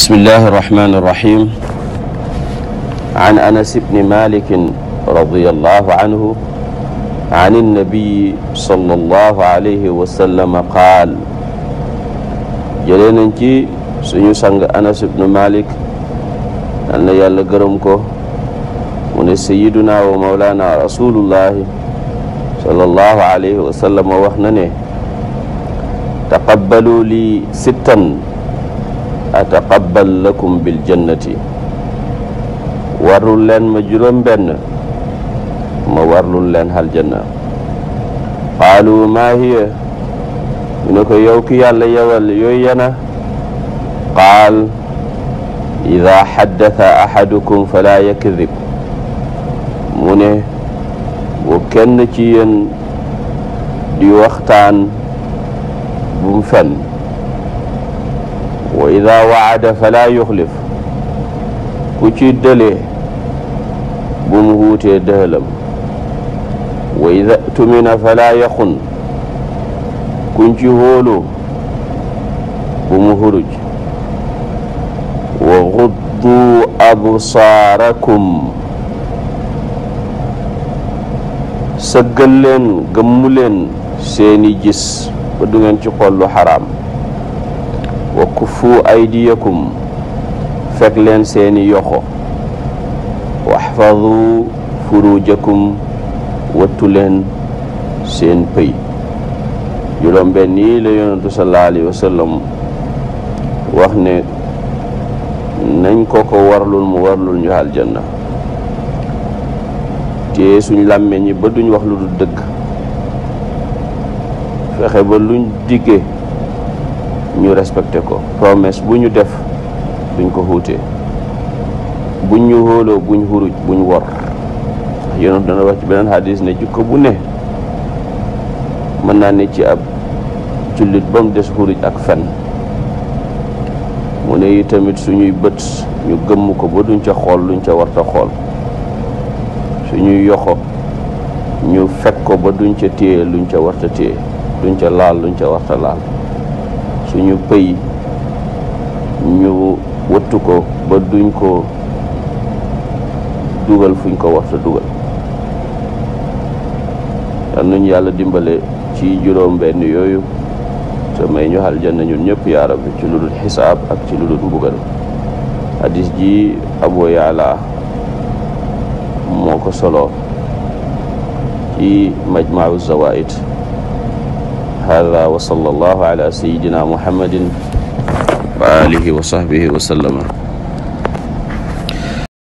بسم الله الرحمن الرحيم عن أنس بن مالك رضي الله عنه عن النبي صلى الله عليه وسلم قال jëlee nañ ci suñu sang Anas ibnu Malik dal na yàlla gërëm ko mu ne sayiduna wa mawlana rasulullahi sallallahu alayhi wa sallam wax na ne taqabbalu li sittan ataqabbal lakum bil jannati warlul leen ma juróom ma warlul leen hal janna qaalu maa hiya ñu ko yow ki yàlla yowal yooyu yana qaal ida xaddatha ahadukum fala yakdib mu ne kenn ci yen di waxtaan bu mu fenn wa ida waada fala yuxlif ku ci dëlee bu mu wuutee dëhalam wa ida tumina fala yaxun kuñ ci hóolu bu mu huruj wa guddu absaarakum sëggal leen gëmmu leen seeni gis ba du ngeen ci xollu xaraam kuffu aydiyakum fekk leen seeni yoxo waxfadu furujakum wattu leen seen pëy juróom benn yi la yonentu sallallahu alayhi wa wax ne nañ ko ko warlul mu warlul ñu aljanna te suñ làmmee ñi ba duñ wax lu dul dëgg fexe ba luñ diggee ñu respecté ko promesse bu ñu def duñ ko xuutee buñ ñu hóoloo buñ xuruj buñ wor yonent dana wax ci beneen hadis ne jikko bu ne mën naa ne ci ab jullit ba mu des xuruj ak fen mu ne yi tamit suñuy bët ñu gëmm ko ba duñ ca xool luñ ca warta xool suñuy yoxo ñu fekk ko ba duñ ca téye luñ ca warta téye duñ ca laal luñ ca warta laal suñu pays ñu wëttu ko ba duñ ko dugal fuñ ko war sa dugal yal nañu yàlla dimbale ci juróom benn yooyu te may ñu aljanna ñun ñëpp yaa rabbi ci lu dul xisaab ak ci lu dul mbugal hadis ji Abu Yaala moo ko solo ci majmaawu zawaid hadha wa sallallahu ala sayyidina muhammadin wa alihi wa sahbihi wa sallama